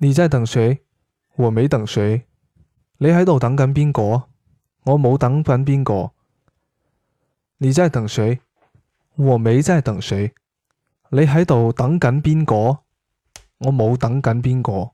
你在等誰？我沒等誰。你喺度等緊邊個？我冇等緊邊個。你在等誰？我沒在等誰。你喺度等緊邊個？我冇等緊邊個。